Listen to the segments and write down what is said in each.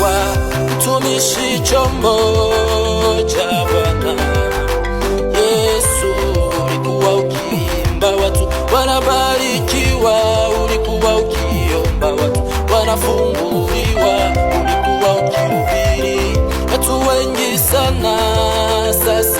kuwa tumishi chombo cha Bwana Yesu. Ulikuwa ukiimba watu wanabarikiwa, ulikuwa ukiomba watu wanafunguliwa, ulikuwa ukihubiri watu wengi sana sasa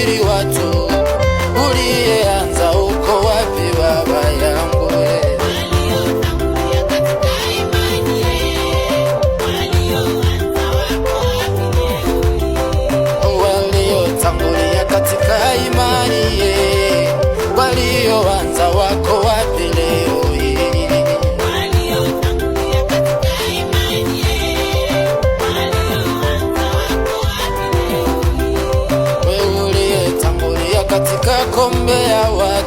city, what kombe ya wa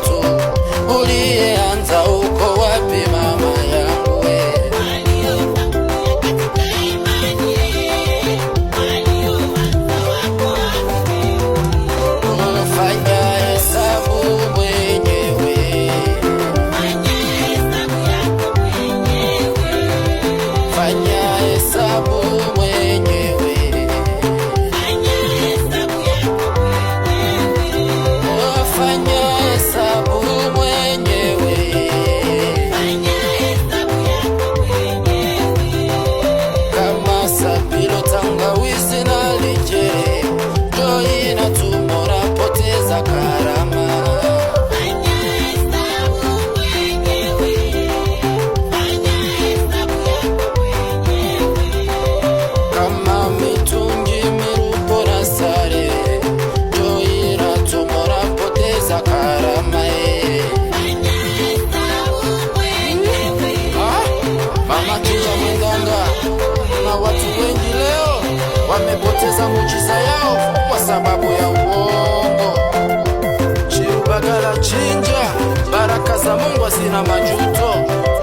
sina majuto,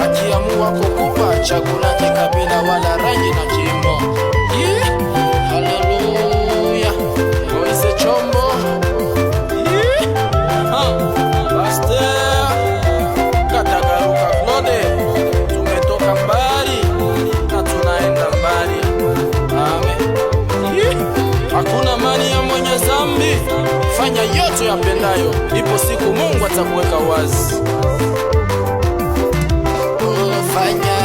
akiamua kukupa chakula kikabila wala rangi na jimbo. Yeah. Haleluya, Moise Chombo. Yeah. Ha. Pastor Katagaruka Claude, tumetoka mbali na tunaenda mbali. Amen. Hakuna mali ya mwenye zambi fanya yote yapendayo, ipo siku Mungu atakuweka wazi. понять